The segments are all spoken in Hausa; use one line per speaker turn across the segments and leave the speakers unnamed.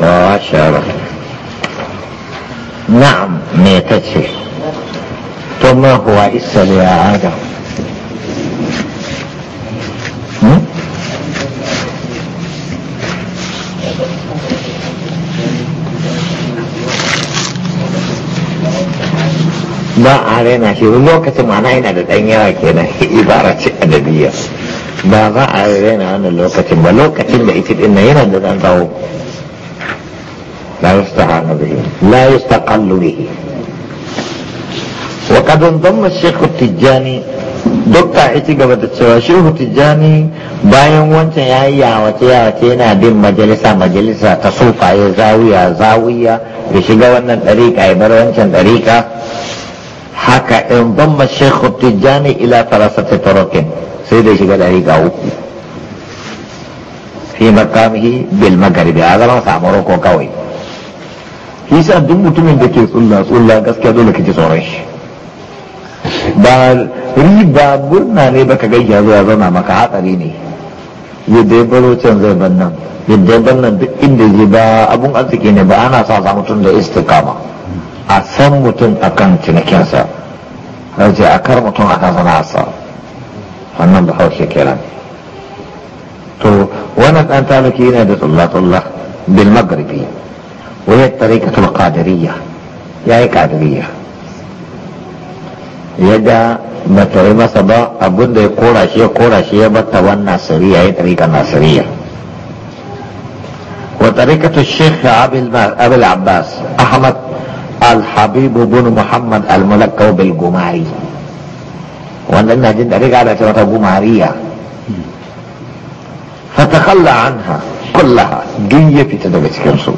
ما شاء الله نعم ميتتي ثم هو إسل يا آدم ba a raina shi lokacin ma'ana yana da ɗan yawa kenan ibara ce adabiyya ba za a yi raina wannan lokacin ba lokacin da ita din yana da dan tsawo la yustahanu bihi la yustaqallu bihi wa qad damma shaykh tijani dokta ita gaba da cewa shehu tijjani bayan wancan ya yi yawace yawace yana bin majalisa majalisa ta ya zawiya zawiya da shiga wannan dariƙa, ya bar wancan dariƙa. haka in bamma shehu tijjani ila farasati turukin sai da shiga ɗari ga uku fi makamihi bil magharibi a zama samu ko kawai hisa duk mutumin da ke tsulla tsulla gaskiya dole ka ji tsoron shi ba riba gurna ne baka gaggiya zuwa zama maka hatsari ne yadda ya baro can zai ban nan yadda ya ban nan duk inda zai ba abun arziki ne ba ana sa sa mutum da istikama a san mutum akan cinikinsa a kar mutum akan sana'arsa ونن بخوا شكلان تو ونك أنت على كينا الله الله بالمغربي وهي الطريقة القادرية يا هي قادرية يدا بتريما صبا أبون ده كورا شيء كورا شيء بتوان ناصرية هي طريقة ناصرية وطريقة الشيخ أبي العباس أحمد الحبيب بن محمد الملكو بالجماري wannan na jin da riga da ce wata gumariya fatakalla anha kullaha duk ya fita daga cikinsu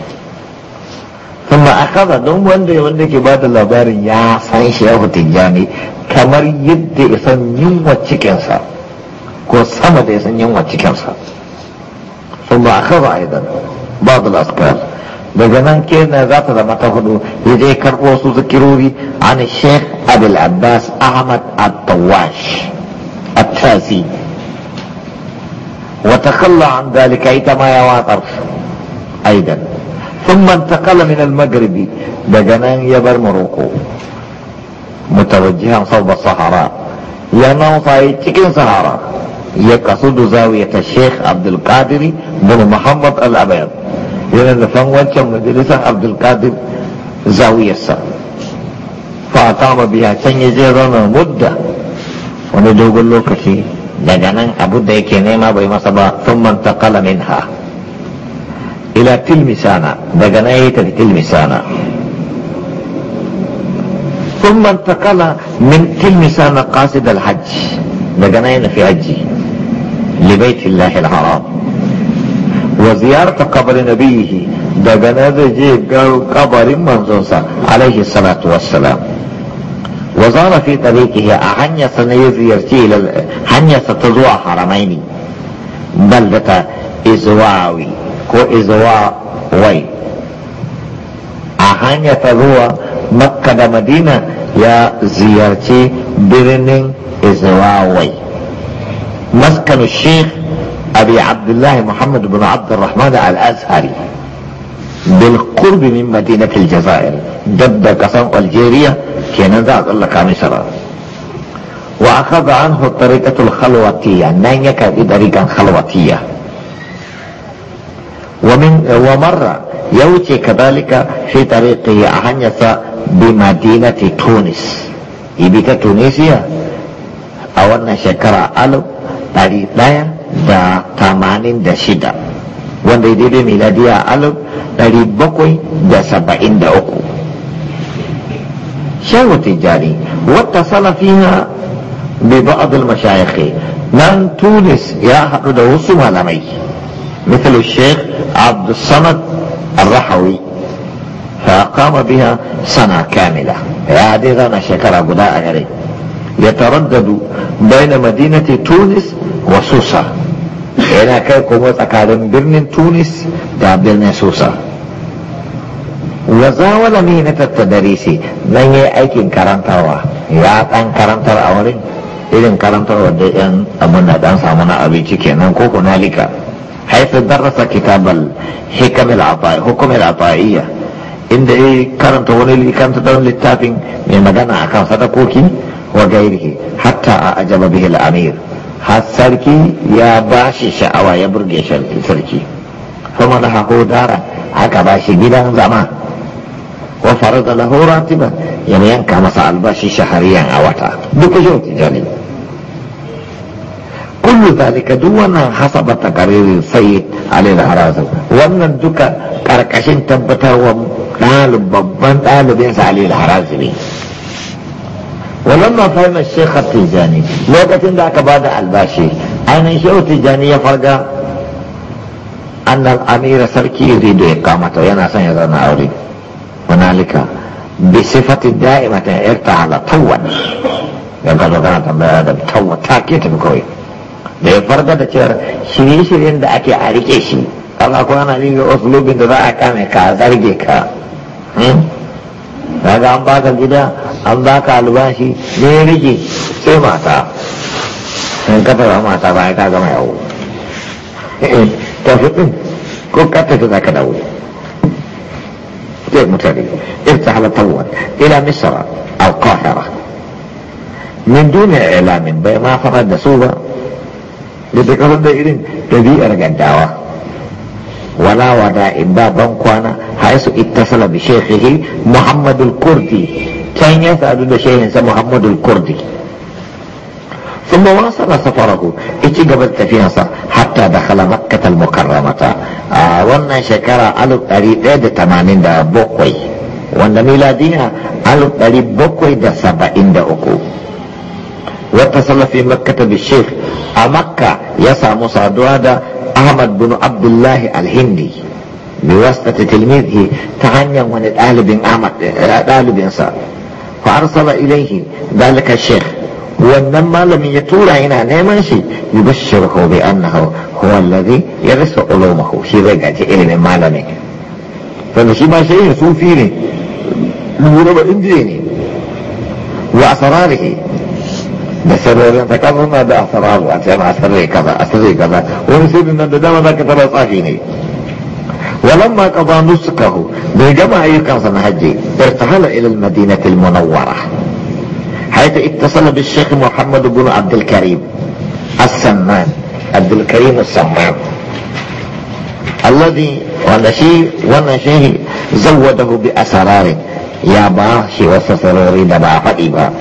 kuma a kaza don wanda wanda ke ba da labarin ya san shi ya hutun kamar yadda ya san yunwa cikinsa ko sama da ya san yunwa cikinsa kuma a kaza aidan ba da laskar بجنان nan ذات za ta zama ta hudu ya je karɓo su zikirori an sheikh abul وتخلى عن ذلك ايتما يواطر ايضا ثم انتقل من المغرب بجنان يبر مروكو متوجها صوب الصحراء يا في تكن صحراء يقصد زاوية الشيخ عبد القادر بن محمد الأبيض yana fan wancan majalisar abdulkadir zawiyarsa fa kama biya can ya je zauna mudda wani dogon lokaci daga nan abu da yake nema bai masa ba sun manta kalamin ha ila tilmisana daga nan ya yi tafi tilmisana ثم tilmisana من dalhaji. daga nan ya nufi حجي libaitin lahil haram. وزيارة قبر نبيه ده جنازة جي قبر منزوسة عليه الصلاة والسلام وزار في طريقه أهنية سنيزيرتي هنية ستزوى حرميني بلدة إزواوي كو إزواوي أهنية تزوى مكة مدينة يا زيارتي برنين إزواوي مسكن الشيخ ابي عبد الله محمد بن عبد الرحمن الازهري بالقرب من مدينة الجزائر دب قسم الجيرية كان ذاك الله كامسرا واخذ عنه الطريقة الخلوتية نانيك بطريقة خلوتية ومن ومر يوتي كذلك في طريقه أحنس بمدينة تونس يبيت أو أولنا شكرا ألو تاريخ تامانين دا شدا وان دي دي ميلادية ألب داري بقوي دا سبعين دا أكو شاو تجاري واتصل فيها ببعض المشايخ من تونس يا حق وصوها لمي مثل الشيخ عبد الصمد الرحوي فقام بها سنة كاملة هذه غنى شكرا قداء غريب Ya يتردد بين مدينة تونس وسوسة yana kai kuma tsakanin birnin tunis da birnin susa wa zawala mai na tattadarisi nan yi aikin karantarwa ya dan karantar a wurin irin karantarwa da yan abin da samu na abinci kenan ko kunalika haifu darasa kitabal hukumar afa'iyya inda ya karanta wani likanta don littafin mai magana akan sadakoki wa gairihi hatta a ajaba bihi al-amir har sarki ya bashi sha'awa ya burge sarki kuma da hako dara aka bashi gidan zama wa farada lahu ratiba yana yanka masa albashi shahariyan a wata duk kushin tijani kullu zalika duk wannan hasaba ta sayyid ali al-harazim wannan duka karkashin tabbatarwa ɗalib babban ɗalibinsa ali al ne. ولما فهم الشيخ التيجاني لوكة ذاك بعد الباشي أين شيء التيجاني يفرق أن الأمير سركي Sarki إقامته أنا سيدنا أولي هنالك بصفة دائمة ارتحل طول yankan zaka na tambaya da tawa ta ke tafi kawai da ya farga da cewar shirye-shiryen da ake a rike shi kama kuma na yin yi osu lobin da za a kame ka zarge ka kaga an baka gida an baka albashi ne rige sai mata in ka tara mata ba ka gama yawo tafi din ko ka tafi za ka dawo zai mutane irtahal tawwal ila misra al qahira min duni ilamin bai ma farar da su ba da ta da irin ɗabi'ar gaddawa ولا وداء بابا كوانا حيث اتصل بشيخه محمد الكردي كان يسأل شيخ محمد الكردي ثم واصل سفره اتجبت فيها حتى دخل مكة المكرمة آه وانا شكرا ألو قريب ايد تمانين دا بوكوي وانا ميلاديها ألو قريب بوكوي دا سبعين دا أكو واتصل في مكة بالشيخ أمكة يسعى مصادوا دا ahmad bin abdullahi alhindi bi wasata tilmidhi ta hanyar wani ɗalibin ahmad eh, ɗalibinsa fa arsala ilaihi dalika sheikh wannan malamin ya tura yana neman shi yubashshiruhu bi annahu huwa alladhi yarisu ulumahu shi zai gaji ilimin malamin sannan shi ma shehin sufi ne lura ba indiya ne wa asrarihi بسبب تكلم ما ده أسرار كذا أسري كذا ونسيب أن الدم ذاك ترى صاحيني ولما قضى نسكه بجمع يقاس هجي ارتحل إلى المدينة المنورة حيث اتصل بالشيخ محمد بن عبد الكريم السمان عبد الكريم السمان الذي ونشيه ونشيه زوده بأسرار يا باشي وسسروري دبا حقيبا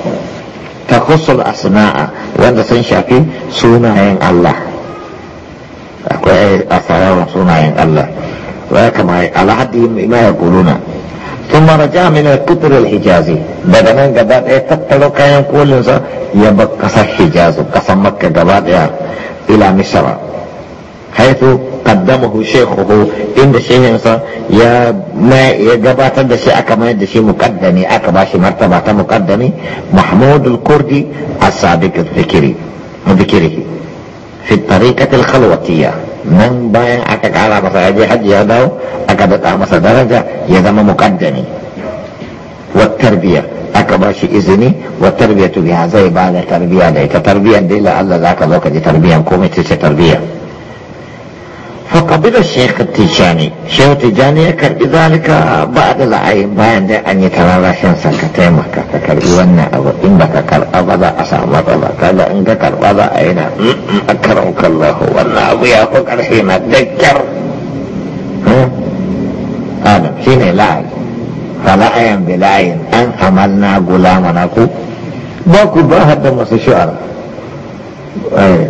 takhusul asma'a wanda sun shafi sunayen Allah akwai asara wa sunayen Allah wa ya kama alhadi ma ya guluna sun mara ja daga nan gaba ɗaya tattalo kayan sa ya bar ƙasar hijazu kasan makka gaba ɗaya ila misra حيث قدمه شيخه عند شيخه يا ما يجبات الشيء كما الشيء مقدمي أكباش مرتبة مقدمي محمود الكردي الصادق الذكري ذكره في الطريقة الخلوتية من بايع أكاك على مساعدة حج يدعو أكادت أمس درجة يدم مقدمي والتربية أكباش إذني والتربية بها زي بعد تربية ليت تربية دي لألا ذاك ذوك دي تربية كومي تربية فقبل الشيخ التجاني شيخ التجاني يكرب ذلك بعد العين بيان دي أن يترى شان سكتين مكة تكرب وانا أو إن بك كرب أبدا أسامة الله قال إن كرب أبدا أين أكرمك الله وانا أبو يأخوك الحين أتذكر آدم شيني لاعي فلعيا بلعين أن حملنا غلامنا كو باكو باهد مسي شعر أيه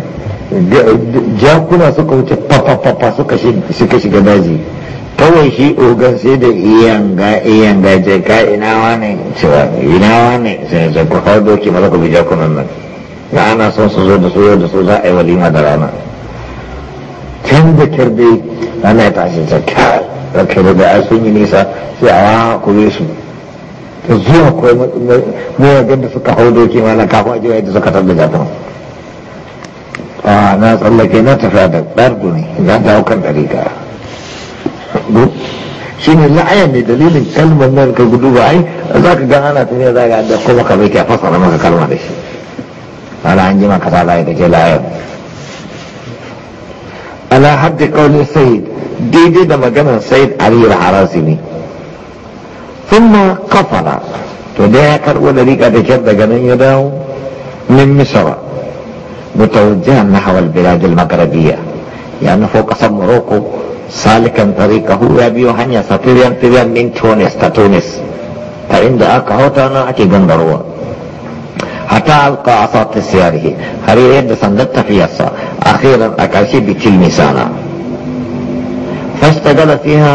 jakuna suka wuce fafafafa suka shiga daji kawai shi ogan sai da iyan ga je ka ina wane cewa ina wane sai sai ku kawo doki ma ku bi jakunan nan na ana son su zo da su yau da su za a yi walima da rana can da kyar dai rana ya tashi ta kyar da kyar da ai sun yi nisa sai a wa ku bi su zuwa kawai mai ganda suka hau doki mana kafin ajiyar da suka tabbata jakunan a ah, na tsallake na tafiya da ɗardu ne na dawo kan ɗariƙa shi ne la'aya ne dalilin kalmar nan ka gudu ba ai za ka gan ana tafiya za ka da kuma ka zai fasara maka kalma da shi ana an jima ta la'ayi da ke la'ayar ana haddi kaunin sayid daidai da maganar sayid aliyar harasi ne thumma kafara to da ya karɓo da riƙa da kyar daga nan ya dawo min misra متوجها نحو البلاد المغربية يعني فوق سمروكو سالكا طريقه يبيو هنيا سطريا طريا من تونس تتونس فعند أكهوتا نأتي بندروا حتى ألقى أصات سياره هري يد سندت في أصا أخيرا أكاشي بتلمسانا فاشتغل فيها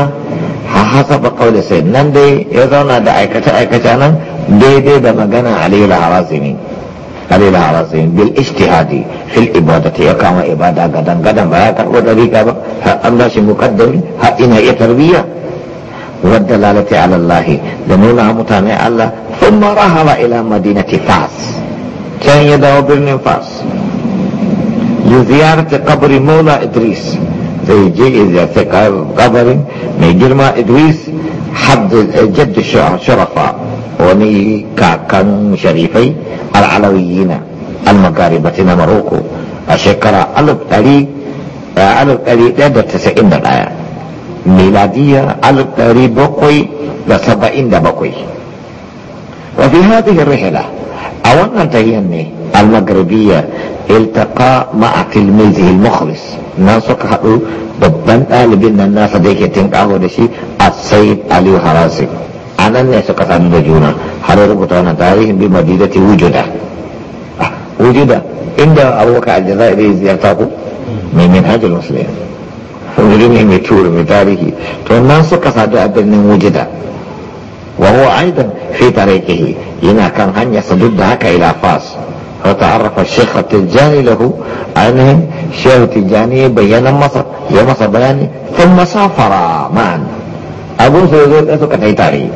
حسب قول سيد نندي يظن دعيكة أيكة أنا دي دي دا علي العرازمين علي العظيم بالاجتهاد في الإبادة يقع إبادة غدا غدا ما يتقوى ذلك ها الله مقدم ها إنا يتربية والدلالة على الله لنولا متامع الله ثم رهب إلى مدينة فاس كان يدعو برن فاس لزيارة قبر مولى إدريس فيجي إذا في قبر ميجرما إدريس حد جد الشرفاء وني كاكن شريفي العلويين المغاربة مروكو الشكرة ألف تاري ألف تاري لدى تسعين دقايا ميلادية ألف تاري بقوي لسبعين دبقوي وفي هذه الرحلة أولا تهيني المغربية التقى مع تلميذه المخلص ناسك هؤلاء ببن آل بنا الناس ديكي تنقاه دشي السيد علي حراسي anan ne suka sami da juna har rubuta na tarihin bi madinati wujuda wujuda inda abubakar aljazair ya ziyarta ku mai min hajjal musulmi wuri ne mai tur mai tarihi to nan suka sadu a birnin wujuda wa huwa aidan fi tarikihi yana kan hanya duk da haka ila fas wa ta'arrafa shekha tijjani lahu ainihin shekha tijjani ya bayyana masa bayani sun masafara ma'an abin su zo ɗaya suka tai tarihi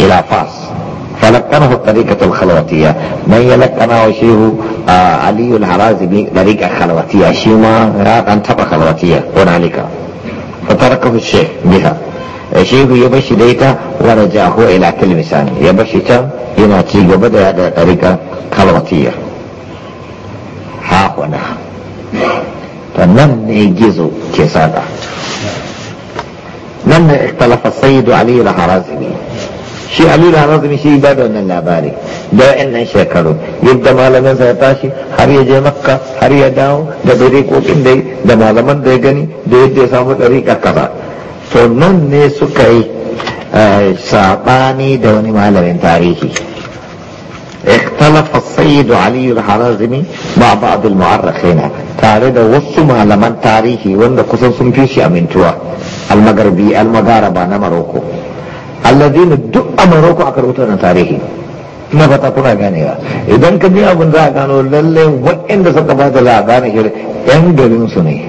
إلى فاس فلقنه الطريقة الخلوتية من يلقنه شيخ آه، علي الهرازمي طريقة خلوتية شيما أن تبقى خلوتية هنالك فتركه الشيخ بها الشيخ يبشي ديتا ورجعه إلى ثانية يبشي تم تيجي بدأ هذا طريقة خلوتية ها هنا فنن يجيزو كسادة نن اختلف السيد علي الهرازمي shi halilu harazumi shi ba da wannan labari da yan nan shekaru yadda malamin sa ya tashi har ya je makka har ya dawo da dariƙoƙin da da malaman da ya gani da yadda ya samu dariƙa kasa. to nan ne suka yi eh, saɓani da wani malamin tarihi اختلف السيد علي الحرازمي مع بعض المعرخين tare da wasu malaman tarihi wanda kusan sun fi shi amintuwa almagarbi na maroko alladina duk a maroko aka rubuta na tarihi na fata kuna ganewa idan ka bi abin za a gano lalle waɗanda suka ba da a gane shi yan garin su ne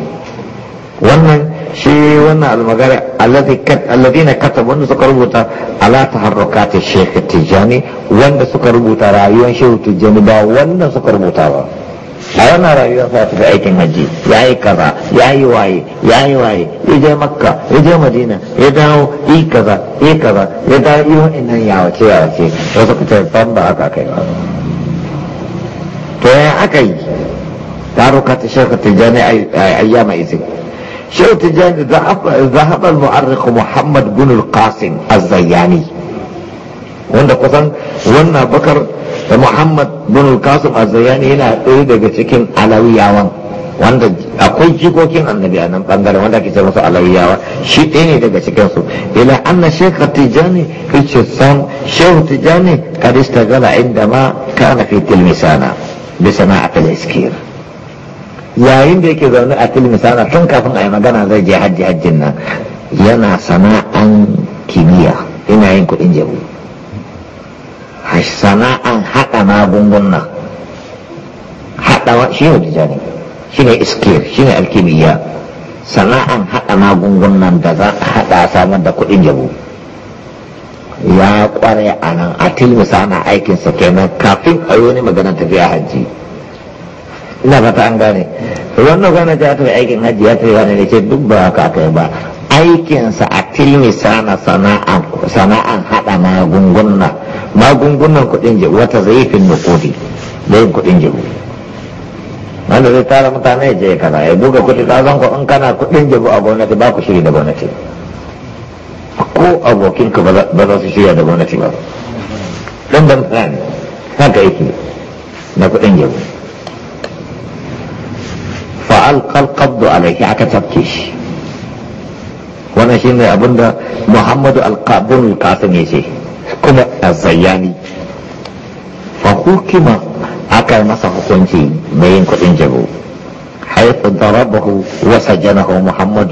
wannan shi wannan almagari alladina kata wanda suka rubuta ala ta shekh tijani wanda suka rubuta rayuwar shehu tijani ba wannan suka rubuta ba a wannan rayuwa ta fi aikin hajji ya yi kaza ya yi waye ya yi waye ya je makka ya je madina ya dawo yi kaza yi kaza ya dawo yi wace yawace wace wasu kuta san ba haka kai ba to ya aka yi taro ka ta jani tijjani ayyama izin shehu tijjani zahabar mu'arrik muhammad bin al-qasim az-zayyani wanda kusan wannan bakar da muhammad bin kasim azayani yana ɗaya daga cikin alawiyawan wanda akwai jikokin annabi a nan bangaren wanda ake ce masa alawiyawa shi ɗaya ne daga cikin su ila anna shekha tijani kace san shehu tijani kad istagala inda ma kana fi tilmisana bi sana'atil iskir yayin da yake zaune a tilmisana tun kafin a yi magana zai je hajji hajjin nan yana sana'an kimiyya ina yin kuɗin jabu sana'an haɗa magungunan, haɗawa shi ne tijani shi ne iskir shi ne alkimiyya sana'an haɗa magungunan da za a haɗa samar da kuɗin jabo ya ƙware a nan a tilmisa ana aikinsa kenan kafin a yi wani maganar tafiya hajji ina fata an gane wannan gane ta aikin hajji ya yi wani ne ce duk ba ka aka yi ba aikinsa a tilmi sana sana'an hada magunguna magungunan kuɗin jiru wata zaifin nukudi zaifin kuɗin jiru wanda zai tara mutane ya je kana ya buga kudi tsaron ku in kana kuɗin jiru a gwamnati ba ku shiri da gwamnati ko abokinka ba za su shirya da gwamnati ba don ban tsani haka yake na kuɗin jiru fa'al a alaihi aka tafke shi wannan shine abin da muhammadu alkabun kafin ya ce kuma azayani. fa hukima aka masa hukunci mai yin kudin jago حيث ضربه وسجنه محمد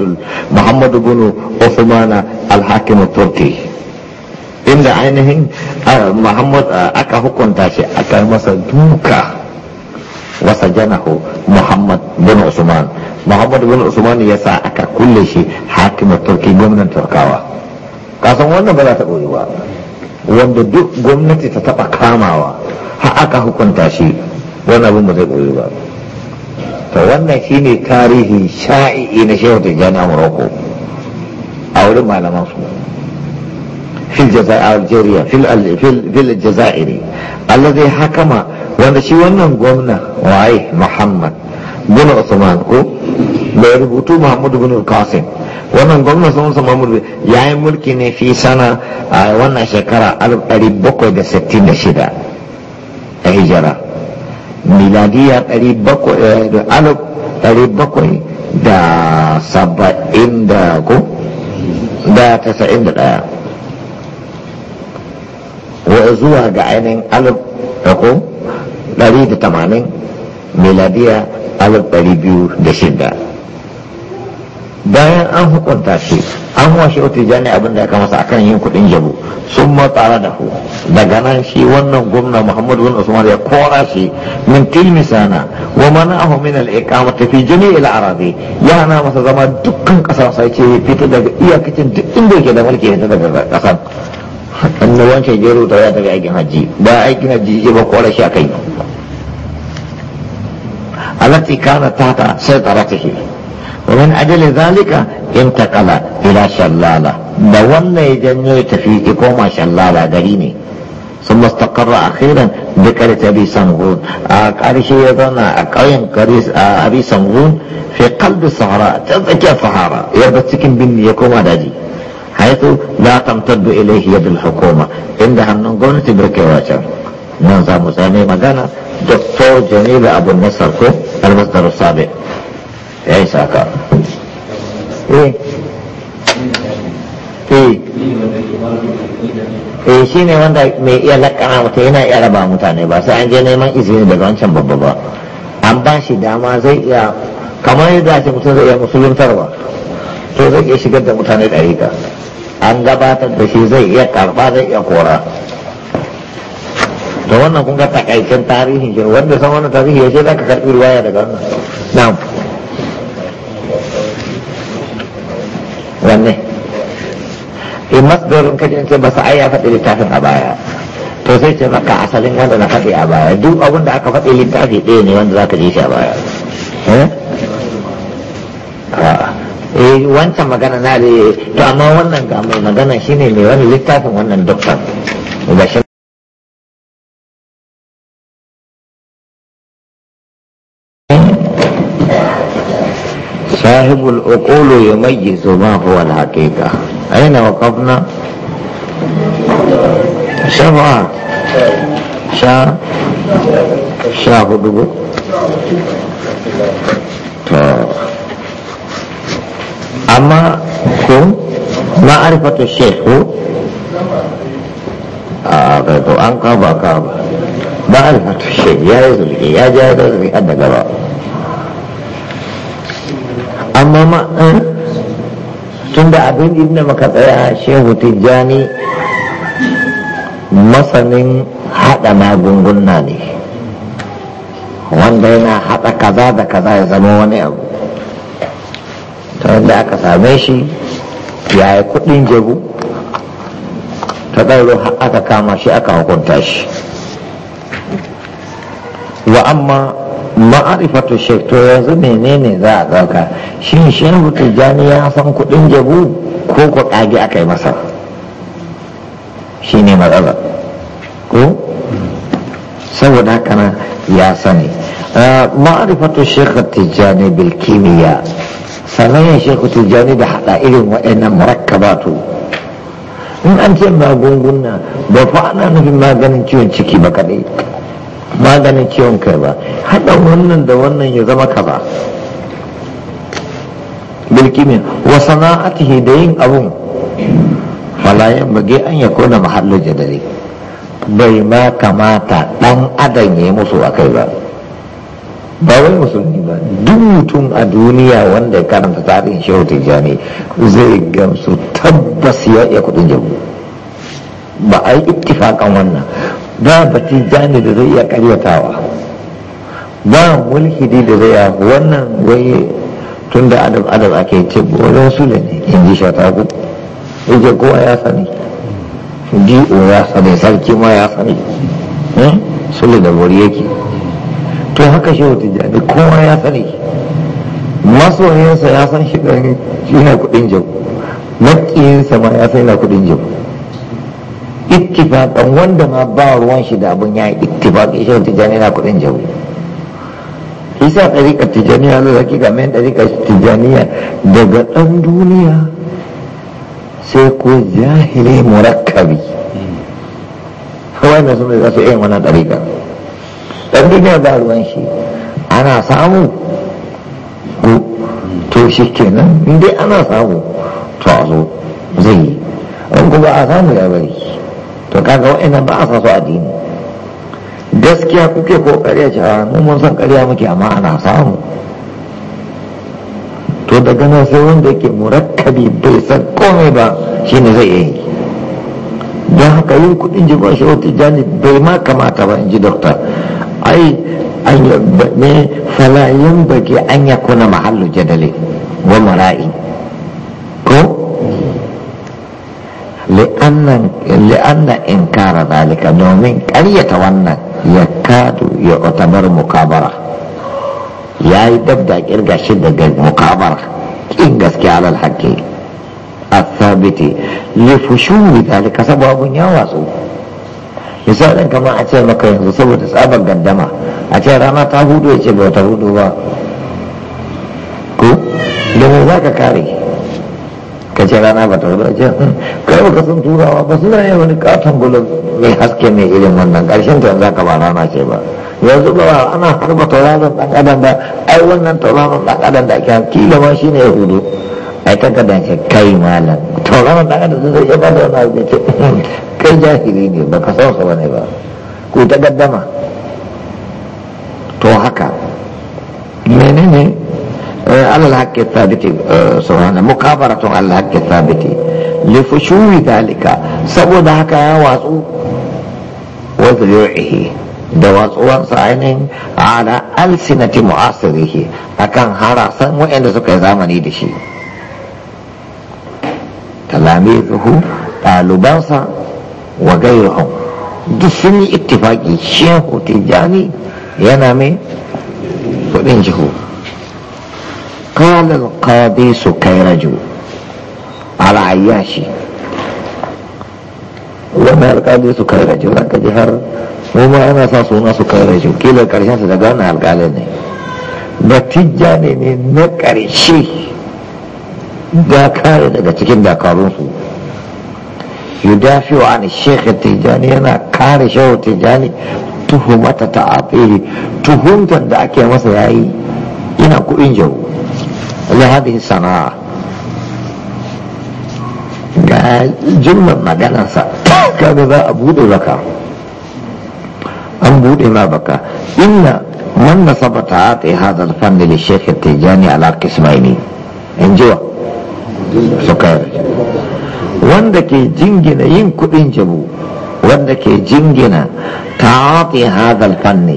محمد بن عثمان الحاكم التركي إن عينهم محمد أكا حكم تاشي أكا مسدوكا وسجنه محمد بن عثمان محمد بن عثمان يسا أكا kulle shi hakimar turki gwamnan turkawa kasan wannan ba za ta ɓoye ba wanda duk gwamnati ta taɓa kamawa har aka hukunta shi wannan abin ba zai ɓoye ba ta wannan shine tarihi sha'i'i na shehu da jana morocco a wurin malaman su fil algeria fil jazairi allah zai hakama wanda shi wannan gwamna waye muhammad gwamna usman ko mai rubutu mahmudu bin Qasim wannan gwamnati sun sa mahmudu ya yi mulki ne fi sana a wannan shekara 766 a hijira miladiya 700 eh, da saba'in da ko da da wa zuwa ga ainihin alif da eh, ko ɗari da tamanin miladiya alif ɗari biyu da shida bayan an hukunta shi an washe wata jani abin da aka masa akan yin kudin jabu sun matsara da ku daga nan shi wannan gwamna muhammadu bin usman ya kora shi min tilmisana wa mana ahu min al-iqamati fi ila arabi ya hana masa zama dukkan kasar sai ce fita daga iyakacin duk inda yake da mulki fita daga kasar annan wancan jero ta ya daga aikin hajji ba aikin hajji ya ba kora shi akai alati kana tata sai ta taratihi ومن أجل ذلك انتقل إلى شلالة da wannan ya janyo ya tafi ya koma shallala gari ne sun mastakarra akhiran da karita bi sangun a karshe ya zauna a ƙauyen abi sangun fi kalbi sahara ta tsakiyar sahara ya bar cikin binni ya koma daji haitu la tamtaddu ilaihi yadul hukuma inda hannun gwamnati birkewa can nan sa mu magana doktor jamilu abu nasar ko almasdar sabi ya yi saka eh. eh eh shi ne wanda mai iya lakana mutum yana iya raba mutane ba sai an je neman izini daga wancan babba ba an ba shi dama zai iya kamar yadda ce mutum zai iya musuluntarwa to zai iya shigar da mutane ɗarika an gabatar da shi zai iya karɓa zai iya kora Da wannan kun ga takaicin tarihin shi wanda san wannan tarihi ya ce za ka karɓi ruwaya daga wannan na'am wanne eh, in masdarin kajin ce ba sa'ai ya faɗi littafin a baya to sai ce maka asalin wanda na faɗi a baya duk abin da aka faɗi littafi ɗaya ne wanda za ka ji shi a baya eh, ah. eh wancan magana na da to amma wannan ga mai magana shine mai wani littafin wannan doktor صاحب العقول يميز ما هو الحقيقة أين وقفنا سبعة شا شا هدوه أما كم معرفة الشيخ آه أنقى بقى معرفة الشيخ يا رزقي يا جاي رزقي أنا قبل amma ma eh? tun da abin inda maka tsaya shehu tijjani masanin haɗa magunguna ne wanda yana haɗa kaza da kaza ya zama wani abu ta wanda aka same shi ya yi kuɗin jagu ta ɗauro aka kama shi aka hukunta shi wa amma ma'arifatu shek to yanzu menene za a ɗauka shin shehu tijjani ya san kuɗin jabu ko ku ƙage aka yi masa shi ne matsala ko saboda haka ya sani ah, ma'arifatu shek tijjani bil kimiyya sanayin shek tijjani da hada irin waɗannan murakkabatu in an ce magunguna ba fa ana nufin maganin ciwon ciki ba kaɗai maganin ciwon kai ba haɗa wannan da wannan ya zama ka ba bilkimin wa sana'atihi da yin abun falayen bage an ya kona mahallin jadari bai ma kamata ɗan adam ya yi musu a kai ba ba wai musulmi ba duk mutum a duniya wanda ya karanta tarihin shehu tijjani zai gamsu tabbas ya iya kudin jabu ba a yi ittifakan wannan ba jani da zai iya karyatawa ba mulhidi da zai yi wannan wai tun da adam adam ake ce wajen su ne in ji tagu ije kowa ya sani di'o ya sani sarki ma ya sani hmm? sule da wuri yake to haka shi wata jani kowa ya sani masoyinsa ya san shi yana kudin jabu makiyinsa ma ya san na kudin jabu ittifaqan wanda ma ba ruwan shi da abun yayi ittifaqi shi tijani na kudin jawo, isa dariƙa tijaniya da zaki ga men dariƙa tijaniya daga ɗan duniya sai ko jahili murakkabi wannan sun da su yin wani dariƙa ɗan duniya ba ruwan shi ana samu to shi kenan in dai ana samu to a zo zai yi in kuma a samu ya bari to kaga wa'annan ba a sa su addini gaskiya kuke ko karya ce a ah, mu mun san ƙarya muke amma ana samu to daga nan sai wanda yake murakkabi bai san komai ba shine zai yi don haka yin kudin jigon shi wata jani bai ma kamata ba in ji dokta ai an yi ne falayin bage an ya kuna mahallu jadale wa mara'i ko li'anna inkara zalika domin karyata wannan ya kadu ya otabar mukabara ya yi dab da kirga shi daga mukabara kin gaskiya alal haƙƙi asabiti li fushuri zalika sababun ya watsu misalin kamar a ce maka yanzu saboda tsabar gandama, a ce rana ta hudu ya ce ba ta hudu ba ko domin za ka kare kace rana ba ta zuba ce kai baka san turawa ba suna yin wani katon gulo mai haske mai irin wannan karshen ta za ka ba rana ce ba yanzu ba ana harba tauraron ɗan adam ba ai wannan tauraron ɗan adam da ake kila ma shine ya hudu ai takardar ce kai malam tauraron ɗan adam zai ba da wani abu ce kai jahili ne ba ka san sa ba ne ba ku ta gaddama to haka menene alal haqqi thabiti subhana mukabaratun al haqqi thabiti li fushuwi dalika saboda haka ya watsu wa zurihi da watsuwansa ainihin ala alsinati mu'asirihi akan harasan waɗanda suka yi zamani da shi talamizuhu ɗalibansa wa gairuhum duk sun yi ittifaki shehu tijjani yana mai kuɗin jihu قال القاضي سكيرج على عياشي wannan alkali su kai rajo za ka ji har ana sa suna su kai rajo kila karshen su da gane alkali ne batijja ne ne na karshe da kare daga cikin dakarunsu yudafi wa an shekha tijjani yana kare shehu tijjani tuhumata ta afiri tuhumtar da ake masa yayi ina kuɗin jawo لهذه الصناعة جمع مدانا سا كان ذا أبود لك أبود ما بك إن من نصب تعاطي هذا الفن للشيخ التجاني على قسميني انجوا سكر وندك جنجنا ينكو انجبو وندك جنجنا تعاطي هذا الفن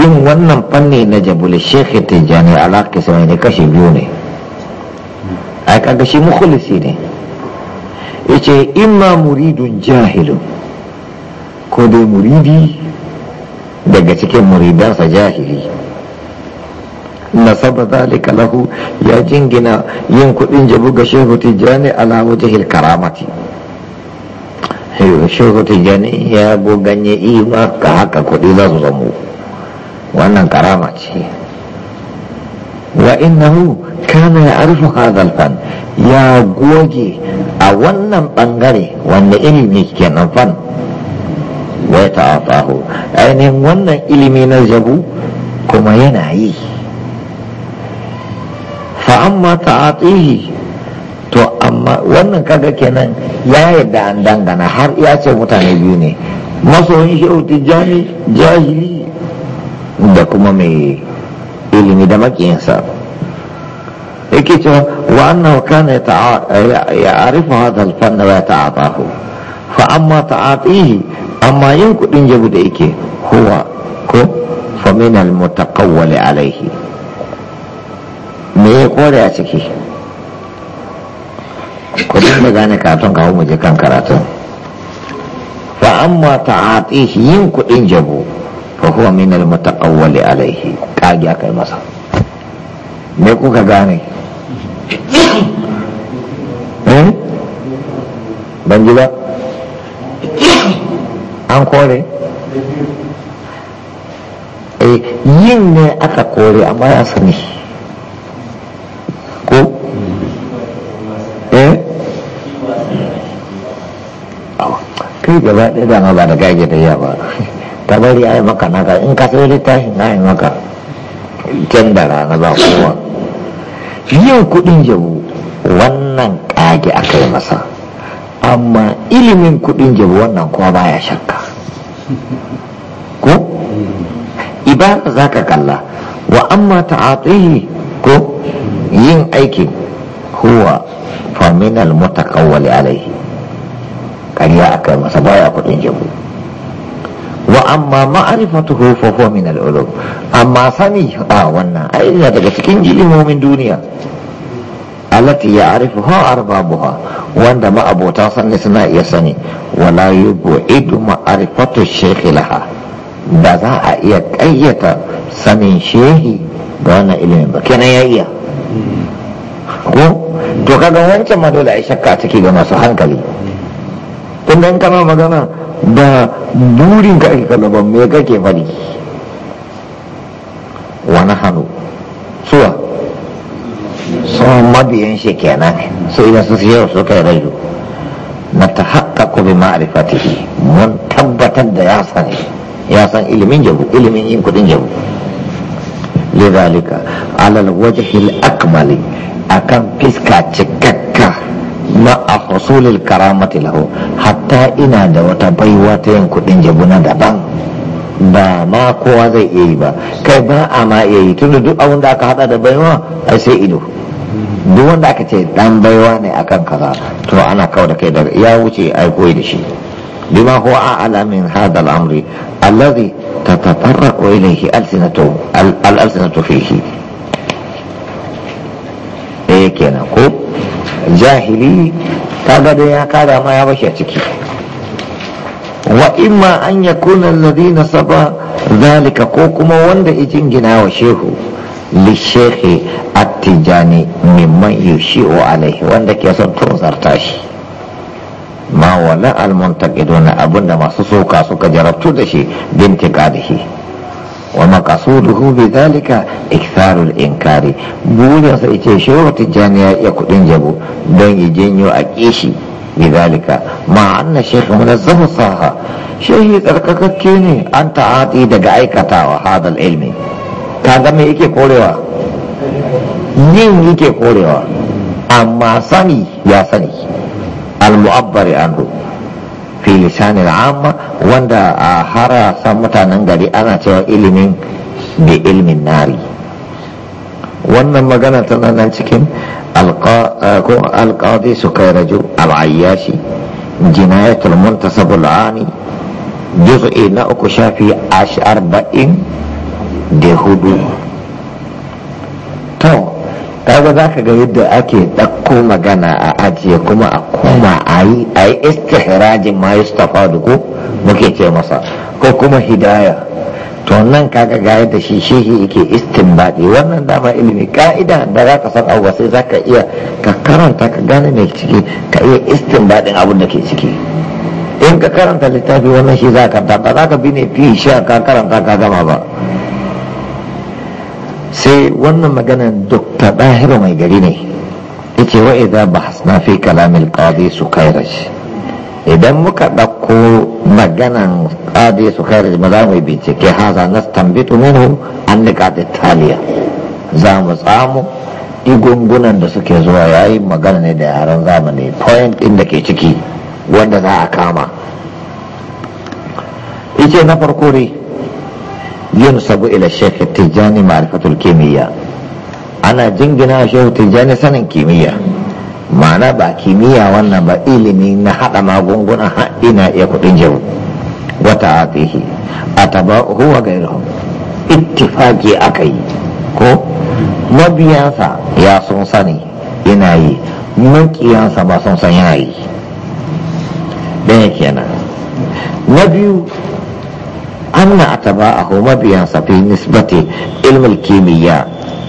ين ونن فني نجبو للشيخ التجاني على قسميني كشي بيوني ai kaga shi mukhlisi ne yace imma muridun jahilu ko dai muridi daga cikin muridansa jahili nasaba zalika lahu ya jingina yin kudin jabu ga shehu tijjani ala wajhil karamati shehu tijjani ya ganye ima ka haka kudi za su zamu wannan karama ce وإنه كان يعرف هذا الفن يا جوجي أولا بنغري وأن إلمي كان na ويتعاطاه يعني وأن إلمي نزبو كما ينعي فأما تعاطيه to amma wannan kaga kenan ya yarda an dangana har ya ce mutane biyu ne masoyin shehu tijjani jahili da kuma mai ilimi da makiyinsa yake cewa wa annahu kana wa fa amma ta'atihi amma yin kudin da yake me kore a ciki kudin da gane kawo mu je kan karatun fa amma ta'atihi yin kudin jabu fa huwa min al kage aka yi masa me kuka gane eh? ban ji ba an kore eh, yin ne aka kore amma ya sani ko eh? kai gaba ɗaya da ma ba da gage da yawa ta bari ya yi maka naka in ka sai littafi na yi maka can da rana ku wa yau kudin jabu wannan kage aka yi masa amma ilimin kudin jabu wannan kowa baya shakka ko iba za ka kalla wa amma ta'atihi ko yin aiki huwa faminal mutakawwali alaihi kariya aka yi masa baya kudin jabu wa amma ma'arifatuhu fa huwa min al-ulum amma sani a ah, wannan ai yana daga cikin ilimomin duniya allati ya'rifuha arbabuha wanda abota sani suna iya sani wala yub'idu ma'rifatu shaykh laha da za a iya kayyata sanin shehi ga wannan ilimin ba kenan ya iya ko to kaga wancan ma dole a shakka ciki ga masu hankali tun da kana magana da burin ka ake kallo ba me kake bari wani hannu suwa sun mabiyan shi kenan su idan su siyar su kai rayu na ta haƙa kuma ma'arifatihi mun tabbatar da ya sani ya san ilimin jabu ilimin yin kudin jabu lidhalika alal wajhil akmali akan fiska cikakka na husulil karamati lahu hatta ina da wata baiwa ta yin kudin jabuna daban ba ma kowa zai iya yi ba kai ba a ma iya yi tunda duk abin da aka hada da baiwa ai sai ido duk wanda aka ce dan baiwa ne akan kaza to ana kawo da kai daga ya wuce ai koyi da shi bima huwa a'ala min hadha al-amri alladhi tatatarra'u ilayhi al-sinatu al-alsinatu fihi eh kenan ko jahili ta da ya kada ma ya bashi a ciki wa imma an yakuna alladhina saba zalika ko kuma wanda ijin gina wa shehu lishehi attijani mimman yushi'u alaihi wanda ke son turzarta shi ma wala almuntaqiduna abinda masu soka suka jarabtu da shi bintika da wa makasudu hube zalika iksarul inkari buri sa ita shehu tijani ya iya kudin jabo dan ijenyo a keshi bi zalika ma anna shehu munazzahu saha shehu tarkaka kene anta hadi daga aikata wa hada al ilmi ka ga me korewa ni ne yake korewa amma sani ya sani al mu'abbar anhu fi lisanil amma wanda a harasa mutanen gari ana cewa ilimin da ilmin nari wannan magana tana nan cikin alƙadi su kai raju al'ayyashi jinayatul muntasabul ani juz'i na uku shafi arba'in da hudu to kaga za ka ga yadda ake ɗakko magana a ajiye kuma a koma a yi a yi istihrajin ma yustafa ko muke ce masa ko kuma hidaya to nan kaga ga yadda shi shehi yake istinbadi wannan dama ilimi ka'ida da za ka san abu sai za ka iya ka karanta ka gane mai ciki ka iya istinbadin abin da ke ciki in ka karanta littafi wannan shi za ka ba za ka bi ne fi shi ka karanta ka gama ba sai wannan maganan dokta ɗahira mai gari ne ce wa ba bahasna fi kalamin kalamil su sukairaj idan muka ɗauko maganan su sukairaj ba za mu bincike haza nastanbitu minhu an da taliya za mu tsamu igungunan da suke zuwa yayin magana ne da yaren zamani point ɗin da ke ciki wanda za a kama ice na farko ne yunsabu ila shaykh tijani ma'rifatul kimiyya ana jingina shehu tijani sanin kimiyya ma'ana ba kimiyya wannan ba ilimi na hada magunguna ina iya kudin jau wata a atba'uhu wa ghayruhum ittifaqi akai ko mabiyansa ya sun sani yana yi makiyansa ba sun san yana yi dan kenan na biyu أن أتباعه مبيانسا في نسبة علم الكيمياء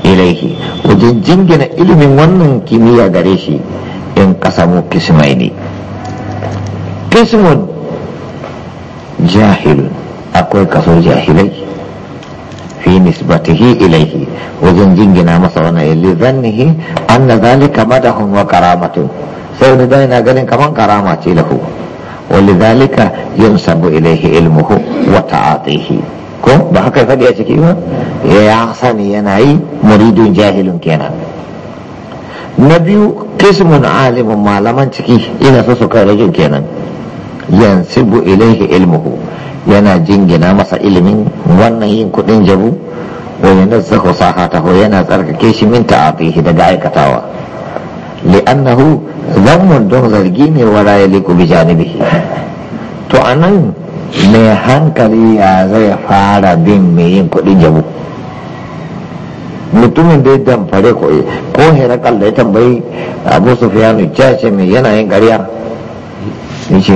إليه وجن جنجن علم ونن كيمياء غريشي إن قسموا قسمين قسم جاهل أقوى كسو جاهلي في نسبته إليه وجن جنجن مصرنا ذنه أن ذلك مدح وكرامة سيدنا دائنا قال كمان كرامة له yunsabu ilaihi ilmuhu wa ta'atihi ko ba haka fadi a ciki ba ya sani yana yi muridun jahilun kenan na biyu kismun alimin malaman ciki ina so su kai rajin kenan yansibu ilaihi ilmuhu yana jingina masa ilimin wannan yin kudin jabu wa yanzu sahata yana tsarkake shi min ta'atihi daga aikatawa li'annahu ضم don zargi ne wala ya liku bi janibihi to anan mai hankali ya zai fara bin mai yin jabu mutumin da ya damfare ko ko herakal da ya tambayi abu sufiyanu ya ce mai yanayin ƙarya yace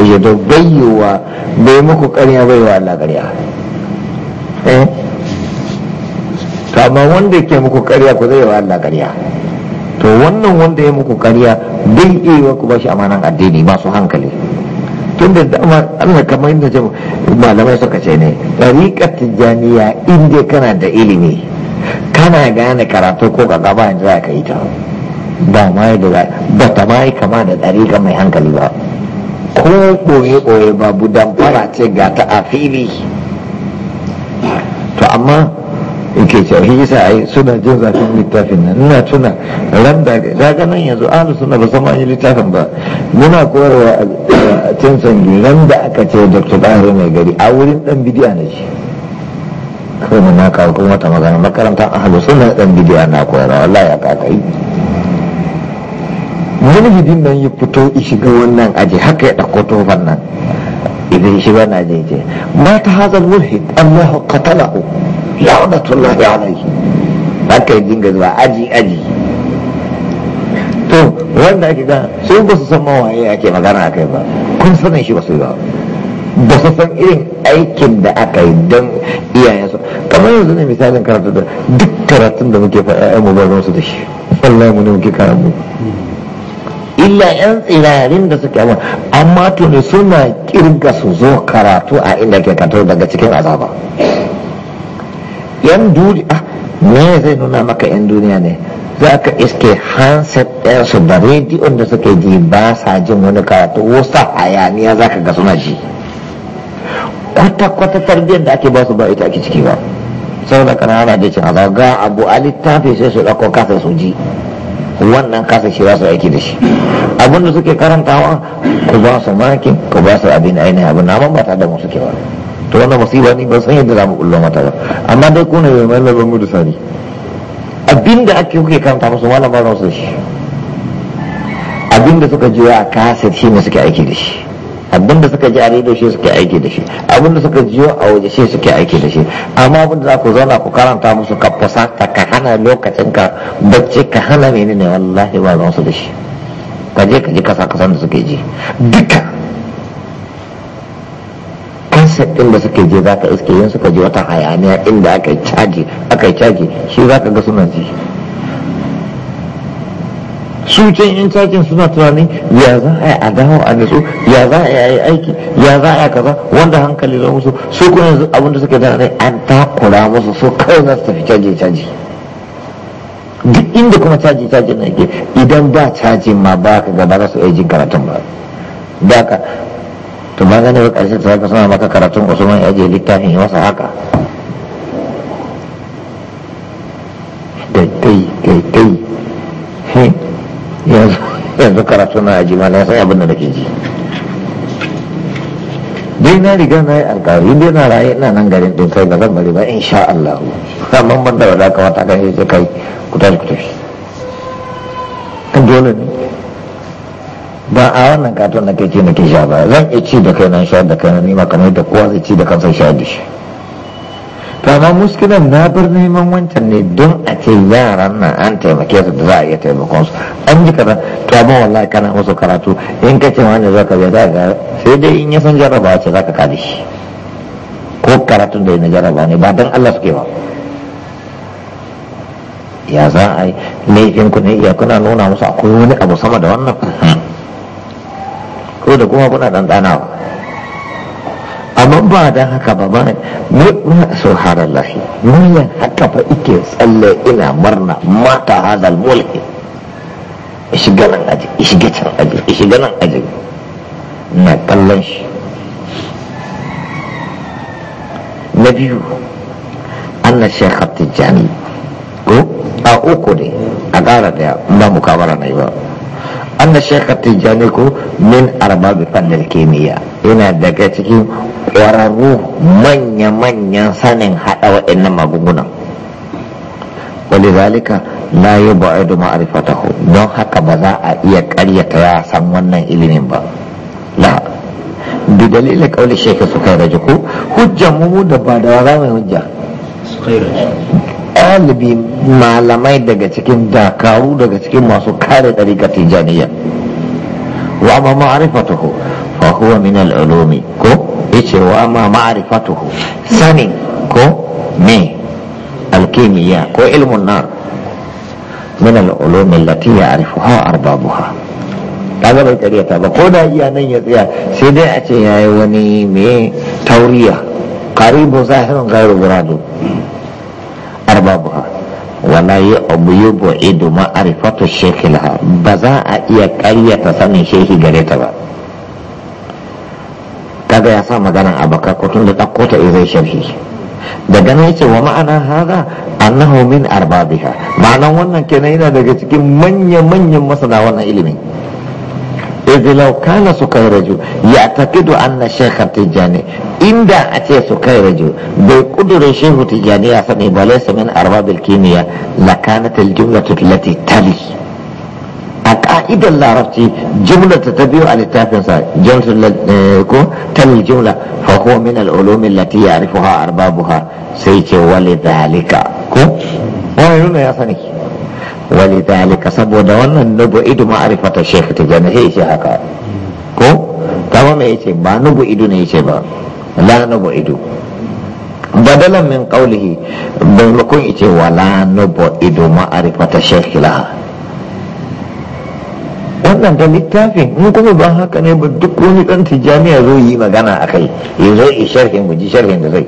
yace to bayyowa bai muku ƙarya bai wa Allah ƙarya eh to amma wanda ke muku ƙarya ku zai wa Allah ƙarya to wannan wanda ya muku karya bai iya ku bashi amanan addini masu hankali tunda da Allah kamar yadda ce malamai suka ce ne ɗariƙar tijjaniya inda kana da ilimi kana gane karatu ko ka gaba yanzu za ka yi ta ba ma da ba ta ma kama da ɗariƙar mai hankali ba ko ɓoye-ɓoye babu damfara ce ga ta a fili to amma yake cewa shi yasa ai suna jin zafin littafin nan ina tuna ran da daga nan yanzu ahlus sunna ba san yi littafin ba muna koyarwa a cin sangi ran da aka ce dr bahari mai gari a wurin dan bidiya ne shi kawai na kawo kuma ta magana makarantar ahlus sunna dan bidiya na koyarwa wallahi ya kakai mulhidin nan ya fito shiga wannan aji haka ya ɗauko tofan nan idan shi ba na je ce mata hazal mulhid allahu qatalahu la'unatullahi alaihi aka yi dinga zuwa aji aji to wanda ake ga su ba su san mawaye ake magana akai ba kun sanin shi ba su yi ba ba su san irin aikin da aka yi don iyayen su kamar yanzu ne misalin karatu da duk karatun da muke faɗa ƴaƴan mu ba su da shi wallahi mu ne muke karatu illa yan tsirarin da suke amma amma to ne suna kirga su zo karatu a inda ke karatu daga cikin azaba yan duniya ah, me zai nuna maka yan duniya ne za ka iske hanset ɗinsu da rediyon da suke ji ba sa jin wani karatu wasu hayaniya za ka ga suna ji kwata-kwata tarbiyyar da ake ba su ba ita ake ciki ba Sau da kanana da cin azaga abu a littafi sai su ɗauko kasa su ji wannan kasa shi za su aiki da shi abinda suke karantawa ku ba su maki ku ba su abin ainihin abin Na ba ta da suke ba to wannan musiba ne ba san yadda za mu kullo mata ba amma dai kuna mai malaban mu da sani abinda ake kuke karanta musu malaman rasu shi abinda suka jiya a kasa shi ne suke aiki da shi abinda suka ji a rediyo shi suke aiki da shi abinda suka ji a waje shi suke aiki da shi amma abinda za ku zauna ku karanta musu ka fusata ka hana lokacin ka bacci ka hana mene ne wallahi ba za su da shi ka je ka ji kasa kasan da suke ji duka kaset din da suke je za ka iske yin suka ji wata hayaniya inda aka yi caji aka yi caji shi za ka ga suna ji su can yan cajin suna tunanin ya za a yi adawa a nutsu ya za a yi aiki ya za a yi kaza wanda hankali za musu su kuma yanzu abinda suke da ne an takura musu su kai za su tafi caji caji duk inda kuma caji caji na ke idan ba cajin ma ba ka gaba za su iya jin karatun ba da ka to ba gane ba karshe ta ka suna maka karatun wasu ya yaje littafin ya masa haka da yanzu karatu na ji ma na san abin da nake ji dai na riga na yi alkawari dai na raye ina nan garin din kai ba zan bari ba insha Allah amma ban da wadaka wata kan sai kai ku tashi ku tafi kan dole ne ba a wannan katon na kai ce nake sha ba zan iya ci da kai nan sha da kai na nima kamar da kowa zai ci da kansa sha da shi amma muskilan na bar neman wancan ne don a ce yaran na an taimake su da za a iya taimakon su an ji kaza to ma wallahi kana musu karatu in ka ce wanda zaka je za ka sai dai in ya san jarrabawa ce ka kada shi ko karatun da na jarraba ne ba don Allah suke ba ya za a yi laifin ku ne iya kuna nuna musu akwai wani abu sama da wannan ko da kuma kuna ba amma ba da haka ba ba subhanallahi miliyan haka fa ike tsalle ina murna mata hazal mulki shiga nan aji shiga can aji shiga nan aji na kallon shi na biyu anna shekhar tijjani ko a uku ne a ƙara daya ba kamara na yi ba anna shekha tijjani ko min arbabi fannin kimiyya yana daga cikin ƙwararru manya-manyan sanin haɗa waɗannan magungunan walidhalika la yub'idu ma'rifatahu don haka ba za a iya ƙaryata ya san wannan ilimin ba Da bi dalilin kauli shekha su kai ko. hujjan mu da ba da wa za mu hujja ɗalibi malamai daga cikin dakaru daga cikin masu kare ɗarika tijaniya wa ma ma'arifatuhu fa huwa min al'ulumi ko yace wa ma ma'arifatuhu sanin ko me alkimiyya ko ilmun nar min al'ulumi allati ya'rifuha arbabuha kaga bai karyata ba ko da iya nan ya tsaya sai dai a ce yayi wani me tauriya karibu zahirin gairu buradu arbabuha wala yi abu idu ma'arifatu ba za a iya karyata sanin shehi gare ta ba kaga ya sa maganan abaka ko tun da ɗauko ta zai sharhi daga nan yace wa ma'ana hada annahu min arbabiha ma'anan wannan kenan yana daga cikin manya manyan masana wannan ilimin yanzu kala kana su kai raju ya taƙidu an na shekar tijjani inda a ce su kai raju bai ƙudurin shehu tijani ya sani ba lai samin arba bilkimiya la ta jumla tutulati tali a ƙa'idar larabci jumla ta ta biyu a littafinsa, sa jumla ko tali jumla fa huwa min lati ya rufuwa arbabuha buha sai ce wale ko wani nuna ya sani dalika saboda wannan nubu idu ma'rifata ta jana sai yace haka ko kama mai ce ba nubu idu ne ce ba la nubu idu badalan min qawlihi maimakon yace wala nubu idu ma'arifata sheikh laha wannan da littafin mun kuma ba haka ne ba duk wani dan tijani zo yi magana akai ya zo yi sharhin mu ji sharhin da zai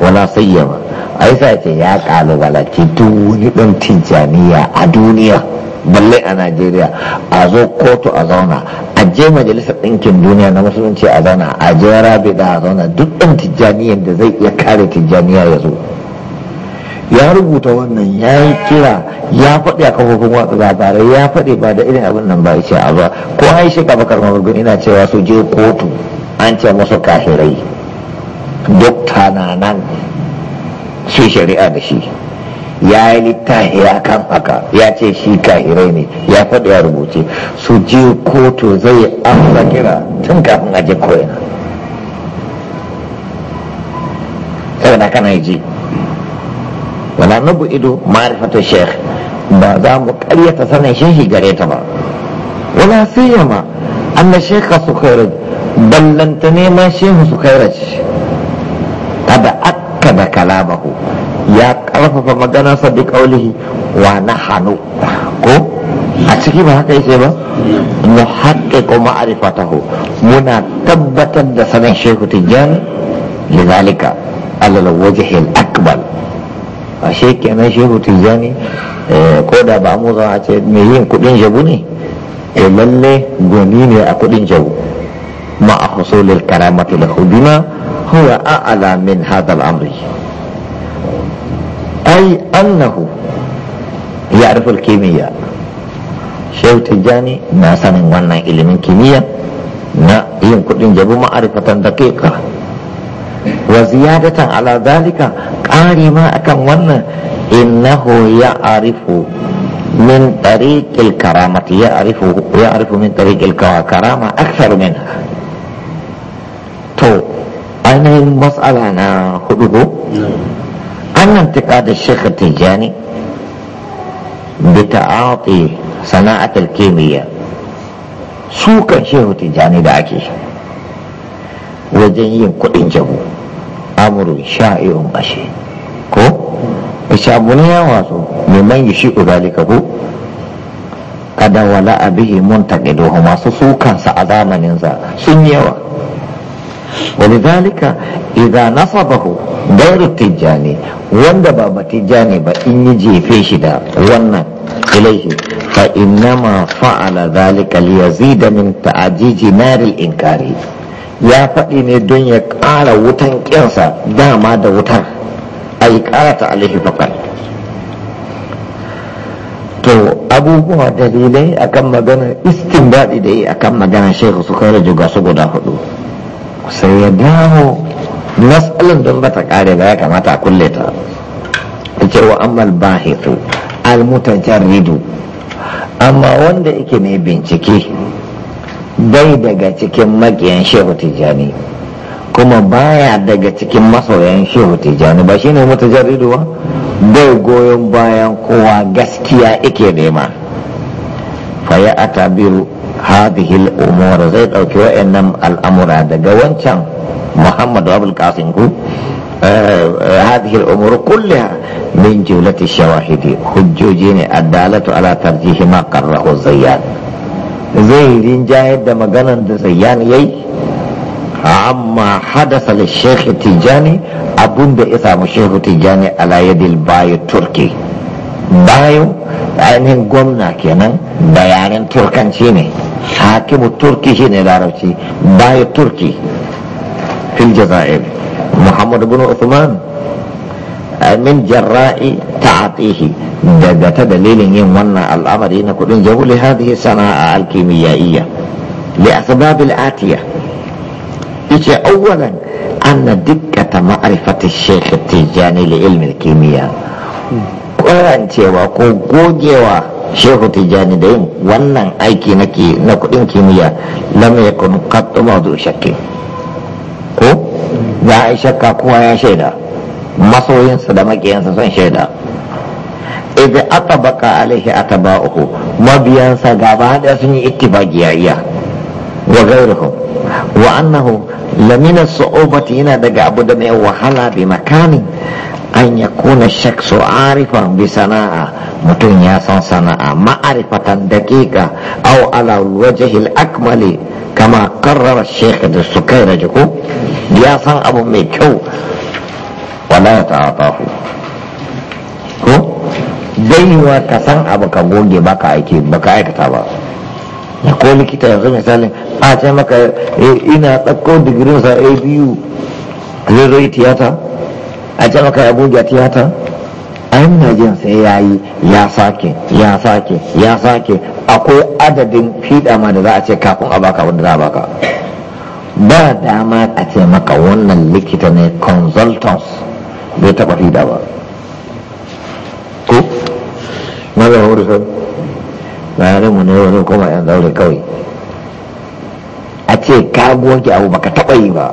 wala sayyama a yi ce ya kalubalanci duk wani ɗan tijjaniya a duniya balle a najeriya a zo kotu a zauna a je majalisar ɗinkin duniya na musulunci a zauna a je rabi da a zauna duk ɗan tijjaniyan da zai iya kare tijjaniya ya zo ya rubuta wannan ya yi kira ya faɗi a kafofin watsa labarai ya faɗi ba da irin abin nan ba ya ce a ba ko aisha gaba karmar ina cewa su je kotu an ce musu kahirai Duk tananan nan shi shari'a da shi ya yi littafi ya kan haka ya ce shi kahirai ne ya faɗi ya rubuce su je kotu zai amsa kira tun kafin a je koyana na kana ji wala nabu ido ma'arifatu sheikh ba za mu karyata sanin shehi gare ta ba wala siyama anna su kairar ballanta ne ma shehu kairar da Ya ƙarfafa أكد كلامه يا أرفف مجانا صدق قوله ونحن كو أتسكي ما هكا يسيبا نحقق معرفته منا تبتا دسنا الشيخ تجان لذلك على الوجه الأكبر ashe kenan shehu tijjani eh, ko da ba mu za a ce me yin kuɗin jabu ne e lalle goni ne a kuɗin jabu ma a husulil karamati lahu bima هو أعلى من هذا الأمر أي أنه يعرف الكيمياء شيخ تجاني ما سنن وانا من كيمياء نا يمكن جابوا معرفة دقيقة وزيادة على ذلك قال ما أكن وانا إنه يعرف من طريق الكرامة يعرف يعرف من طريق الكرامة أكثر منها ainihin matsala na hudu ko an tika da shekha tijjani bi ta'ati sana'atul kimiyya su kan shehu tijjani da ake wajen yin kudin jabu amurin sha'i'un bashi ko ishabuni ya wasu neman yi shi uzalika ko kada wala abihi mun taƙido masu su kansa a zamaninsa sun yawa Wani ولذلك إذا نصبه غير ne wanda ba ne ba in yi jefe shi da wannan ilaihi fa ma fa'ala zalika liyazida min ta'ajiji naril inkari ya faɗi ne don ya ƙara wutan ƙinsa dama da wutar. a yi ƙara ta to abubuwa dalilai akan maganar istin daɗi da yi akan maganar shekaru suka rage ga guda huɗu? sai ya dawo matsalan don bata kare ba ya kamata a kulle ta ce wa ammal bahitu almutajarridu amma wanda yake mai bincike bai daga cikin makiyan shehu tijjani kuma baya daga cikin masoyan shehu tijjani ba shine mutajarridu ba bai goyon bayan kowa gaskiya yake nema fa ya atabiru hadihil umar zai dauki wayannan al'amura daga wancan muhammadu abul kasim ku hadihil umar kulliya min jumlatu shawahidi hujjoji ne addalatu ala tarjihi ma qarrahu zayyan zahirin jahid da maganan da zayyan yayi amma hadasa li shekhi tijani abunda isa mu shekhu tijani ala yadil bayu turki bayu ainihin gwamna kenan bayanin turkanci ne حاكم التركي هنا لاروشي باي التركي في الجزائر محمد بن عثمان من جراء تعاطيه ده دليل يمنع الامر ان كن جو لهذه الصناعة الكيميائية لأسباب الآتية أولا أن دكة معرفة الشيخ التجاني لعلم الكيمياء وأنت وكوكوكي وكوكوكي shehu tijjani da yin wannan aiki na kudin kimiyya lam yakun qattu mawdu shakki ko ya yi shakka kuma ya shaida masoyinsa da makiyansa sun shaida idza atabaka alaihi ataba'uhu mabiyansa gaba da sun yi ittibaqiyya wa ghayruhum wa annahu lamina su'ubati yana daga abu da mai wahala bi makani. an ya kuna shaksu arifan bi sana'a mutum ya san sana'a ma'arifatan daƙiƙa au ala wajahil akmali kama karrar shekha da suka kai da ya san abu mai kyau wala ta'atahu ko. ko baiwa ka san abu ka goge baka aiki baka aikata ba ya ko likita yanzu misalin a ce maka eh, ina ɗauko digirinsa a biyu zai zai tiyata a ce maka ya goge tiyata na jin sai ya yi ya sake ya sake ya sake akwai adadin fiɗa ma da za a ce kafin a baka wanda za a baka ba dama a ce maka wannan likita ne consultants bai taɓa fiɗa ba ko maza hori sai bayanin mu ne wani kuma yan zaure kawai a ce ka goge abu baka taɓa yi ba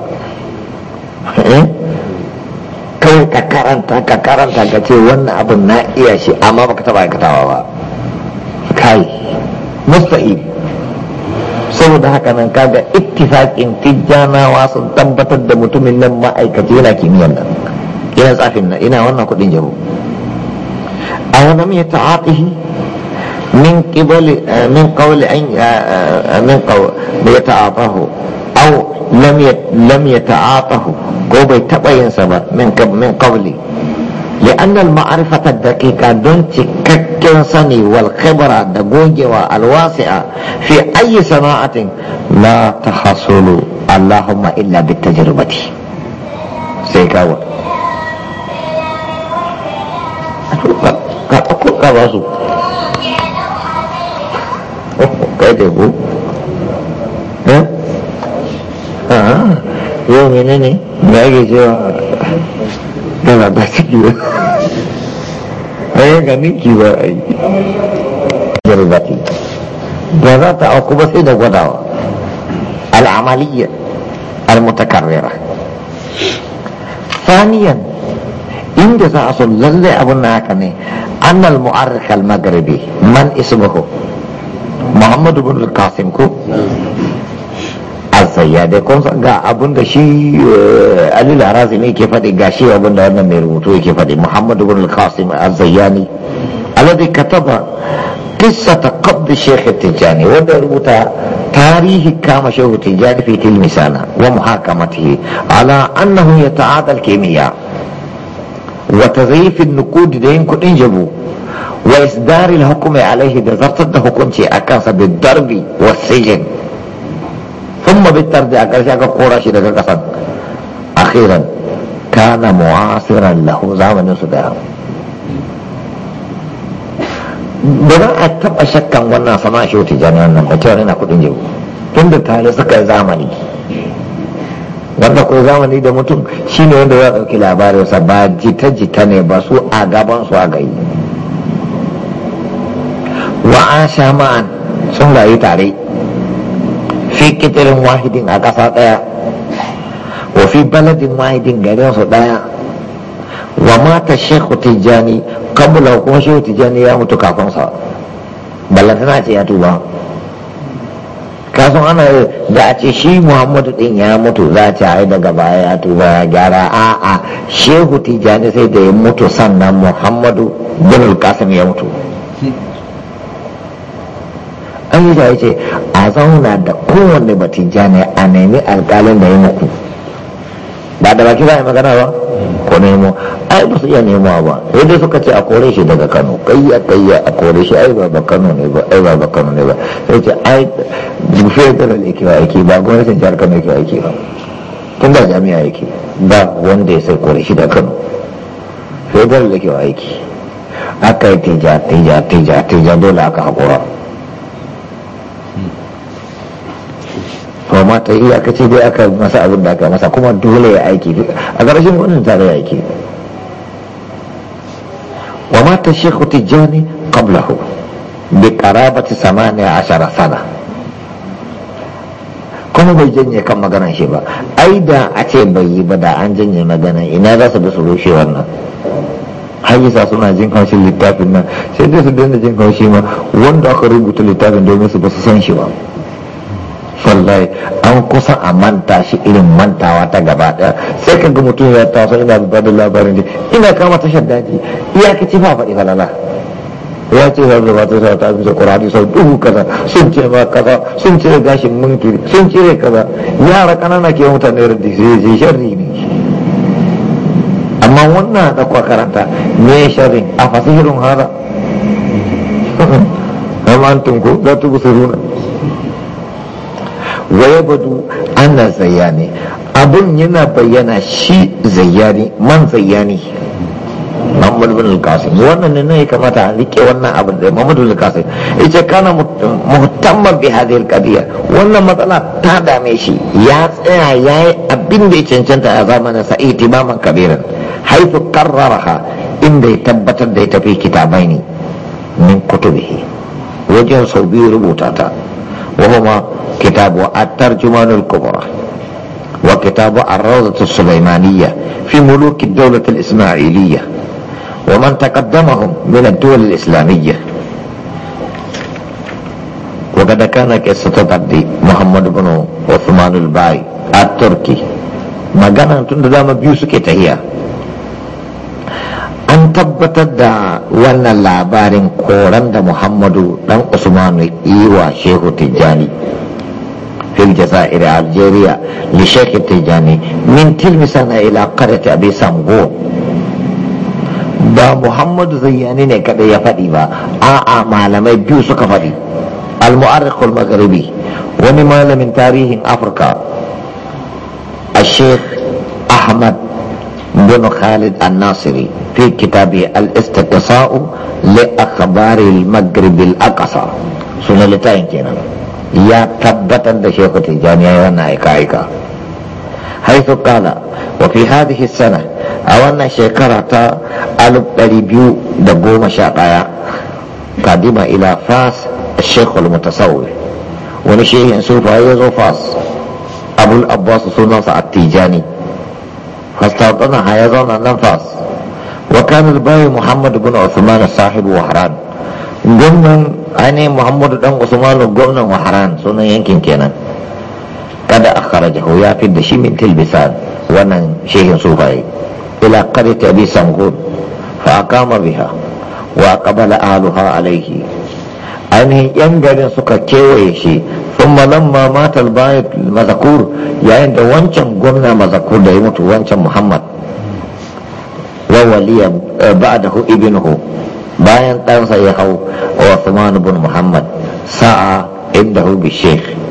eh? kawai ka karanta ka karanta ka ce wannan abin na iya shi amma baka taba aikatawa ba kai musta'ib saboda haka nan kaga ittifaqin tijjanawa sun tabbatar da mutumin nan ma'aikaci yana kimiyyar nan ina tsafin nan ina wannan kudin jabo a wani mai ta'atihi min qibali eh, min qawli an eh, eh, min qawl bi ta'atahu aw lam lam yata'atahu ko bai taba yin sa ba min min qawli لأن المعرفة الدقيقة دون تككن سني والخبرة دقوجة الواسعة في أي صناعة لا تحصل اللهم إلا بالتجربة سيكاوة كأكل كباسو كيف Ah, yang ini nih. Baik itu dalam ba? jiwa. Ayah kami jiwa jerbati. Jadi ta aku masih dah kuat awal. Al amalia, al mutakarrira. Kedua, ini saya asal lalai abu nakani. Anal muarikh al maghribi, man ismuhu? Muhammadu bin Al Qasim ku. sayya dai kun ga abin da shi eh, Ali ne ke faɗi ga shi abin da wannan mai rubutu yake faɗi Muhammad ibn al-Qasim az-Zayyani alladhi kataba qissata qabd Sheikh Tijani wanda rubuta tarihi kama Sheikh Tijani fi tilmisana wa muhakamatihi ala annahu yata'adal kimiyya wa tazayif an-nuqud da yin kudin jabu wa isdar al-hukmi alayhi da zartar da hukunci akan sa darbi wa sijin ثم بالترد أكرشا كورا شي دقا قصد أخيرا كان معاصرا له زمن سدام ba za a taɓa shakkan wannan sama shi wata jami'an nan ba yana kudin yau tun da tare suka zamani wanda ko zamani da mutum shine wanda za a ɗauki labarinsa ba jita-jita ne ba su a gaban su a gai wa an sha ma'an sun rayu tare kitarin wahidin a ƙasa ɗaya wa fi baladin wahidin garin su ɗaya wa mata shekhu tijjani kabula kuma shekhu tijjani ya mutu kafin sa balantana ce ya tuba kasan ana da a ce shi muhammadu ɗin ya mutu za a ta yi daga baya ya tuba ya gyara a a shehu tijjani sai da ya mutu sannan muhammadu bin kasim ya mutu an yi ce a zauna da kowanne batija jane a nemi alƙalin da ya muku ba da baki ba ya magana ba ko nemo ai ba su iya nemowa ba sai dai suka ce a kore shi daga kano kayya kayya a kore shi ai ba kano ne ba ai ba kano ne ba sai ce ai jife da yake wa aiki ba gwamnatin jihar kano yake wa aiki ba tun da jami'a yake ba wanda ya sai kore shi daga kano sai da yake wa aiki aka yi tija tija tija tija dole aka haƙura kuma ta yi aka ce dai aka masa abin da aka masa kuma dole ya aiki a ƙarshen wannan tare ya aiki wa ma shekhu tijjani qablahu bi qarabati samaniya sana kuma bai janye kan maganan shi ba ai da a ce bai yi ba da an janye maganar ina za su bi su rushe wannan sa suna jin haushin littafin nan sai dai su daina jin haushi ma wanda aka rubuta littafin domin su ba su san shi ba wallahi an kusa a manta shi irin mantawa ta gaba daya sai kan ga mutum ya taso ina ba da labarin da ina kama tashar daji ci ba faɗi falala ya ce za su mata sa ta bisa kurani sau duhu kaza sun ce ma kaza sun ce gashin munkiri sun ne kaza yara kanana ke mutane da sai sharri ne amma wannan da kwa karanta me shari a fasihirun hada amma antum ko za ta gusaruna waya badu ana zayyane abun yana bayyana shi zayyani man zayyani Muhammad bin wannan ne ya kamata a rike wannan abin da Muhammad bin al yace kana muhtamman bi hadhihi al wannan matsala ta dame shi ya tsaya yayi abin da ya cancanta a zamanin sa itimaman kabiran haifu qarraraha inda ya tabbatar da ya tafi kitabani. ne min kutubihi wajen sau biyu rubuta ta وهما كتاب الترجمان الكبرى وكتاب الروضة السليمانية في ملوك الدولة الإسماعيلية ومن تقدمهم من الدول الإسلامية وقد كان قصة تبدي محمد بن عثمان الباي التركي ما كان تندام بيوسك تهيأ an tabbatar da wannan labarin koran da muhammadu dan usmanu iwa shehu tijjani fil jazairi algeria li shehu tijjani min tilmisana ila qaryati abi sango ba muhammadu zayyani ne kadai ya faɗi ba a'a malamai biyu suka faɗi al-mu'arrikhul magharibi wani malamin tarihin afirka a sheikh ahmad bin khalid an-nasiri في كتابه الاستقصاء لأخبار المغرب الأقصى سنة لتاين كينا يا تبتا لشيخ تجاني وانا ايكا حيث قال وفي هذه السنة أولنا شكرة ألب أليبيو دقوم شاقايا قادمة إلى فاس الشيخ المتصور ونشيه سوف يزو فاس أبو الأبواس سنة التيجاني فاستوطنها يزون أن فاس وكان الباي محمد بن عثمان صاحب وحران قمنا أني محمد بن عثمان قمنا وحران سنة يمكن كنا قد أخرجه يا في الدشي من تلبسان وانا شيخ صوفي إلى قرية أبي سمغود فأقام بها وأقبل أهلها عليه ainihin yan garin suka kewaye shi sun lamma matal bayan mazakur yayin da wancan gwamna mazakur da ya mutu wa waliya eh, ba'dahu ibnuhu bayan ɗansa ya hau Uthman bin Muhammad sa'a indahu bi Sheikh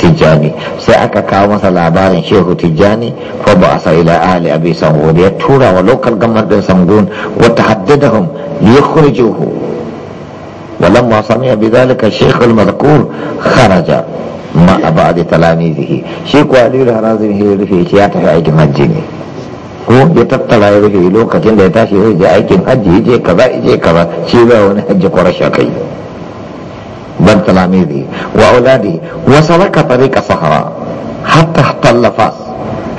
Tijjani sai aka kawo masa labarin Shehu Tijjani fa ba asa ila ahli Abi Sangun ya tura wa lokal gamar din Sangun wa tahaddadahum li yukhrijuhu ولما سمع بذلك الشيخ المذكور خرج مع بعض تلاميذه شيخ علي الهرازي هي اللي في تياتر ايدي مجيني ko ya tattara ya rufe lokacin da ya tashi ya je aikin hajji ya je kaza ya je kaza shi ba wani hajji kwarashi kai ban talamizi wa auladi wa saraka tariqa sahara hatta talla fas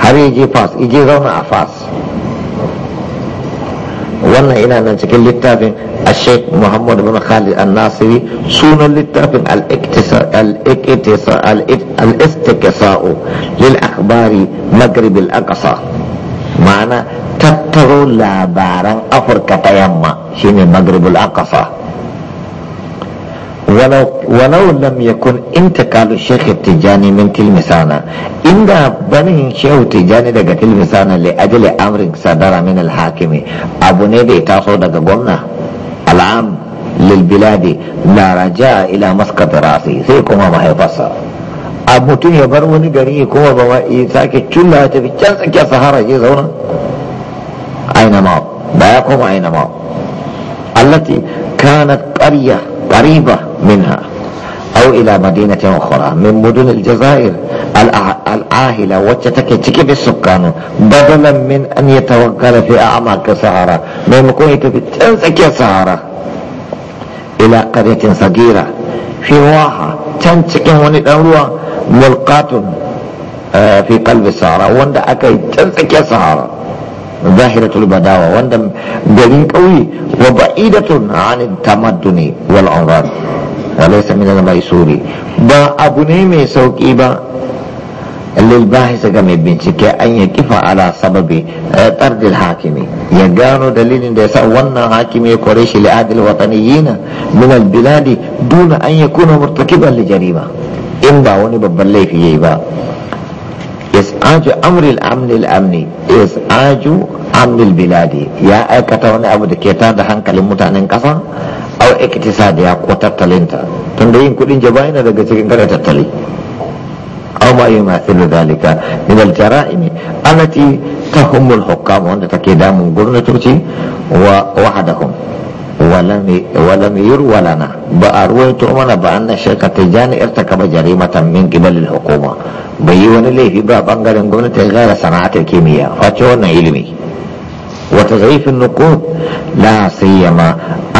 har ya je fas ya zauna a fas wannan ina nan cikin littafin الشيخ محمد بن خالد الناصري سون للتعب الاستقصاء للأخبار مغرب الأقصى ma'ana tattaro labaran afirka ta yamma shine magribul aqasa walau lam yakun intikalu shekhi tijani min tilmisana inda banin shehu tijani daga tilmisana li ajali amrin sadara min alhakimi abu ne da ita so daga gwamna al'am lil biladi la raja ila maskat rasi sai kuma mahaifarsa a mutum ya bar wani gari ya kuma ba ya sake cunna ya tafi can tsakiyar sahara ya zauna aina ma ba ya koma aina ma allati kanat qarya qariba minha aw ila madinatin ukhra min mudun aljazair ahila wacce take cike da sukkanu badalan min an yatawakkala fi a'mak sahara maimakon ya tafi can tsakiyar sahara ila qaryatin sagira fi waha can cikin wani dan ruwa mulqatun eh, fi qalbi sahara wanda aka yi can tsakiyar sahara zahiratul badawa wanda garin ƙauye wa ba'idatun an tamadduni wal umran wa laysa min al-maysuri ba abu ne mai sauƙi ba lil bahis ga mai bincike an ya kifa ala sababi tardil hakimi ya gano dalilin da ya sa wannan hakimi ya kore shi li'adil wataniyina min al biladi duna an kuna murtakiban li jarima in ba wani babban laifi yayi ba aju amril amni al amni is'aju amnil biladi ya aikata wani abu da ke tada hankalin mutanen kasa au iktisadiya ko tattalinta tunda yin kudin jaba yana daga cikin kada tattali وما يماثل ذلك من الجرائم التي تهم الحكام وأن تكيدام قرنة وحدهم ولم ولم يروى لنا بأروي تؤمن بأن الشركة التجاني ارتكب جريمة من قبل الحكومة بيون لي في باب أنقر قمنا غير صناعة الكيمياء فتون علمي وتضعيف النقود لا سيما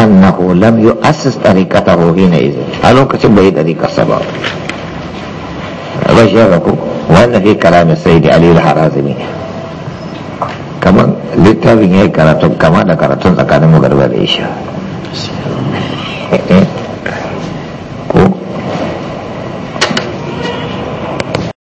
أنه لم يؤسس طريقته حينئذ هل هو كتب طريقة السبب rashiraku wannan fi kalamin sai da aliyu harazimi kamar littafin ya yi karatun kama da karatun tsakanin mu garba da isha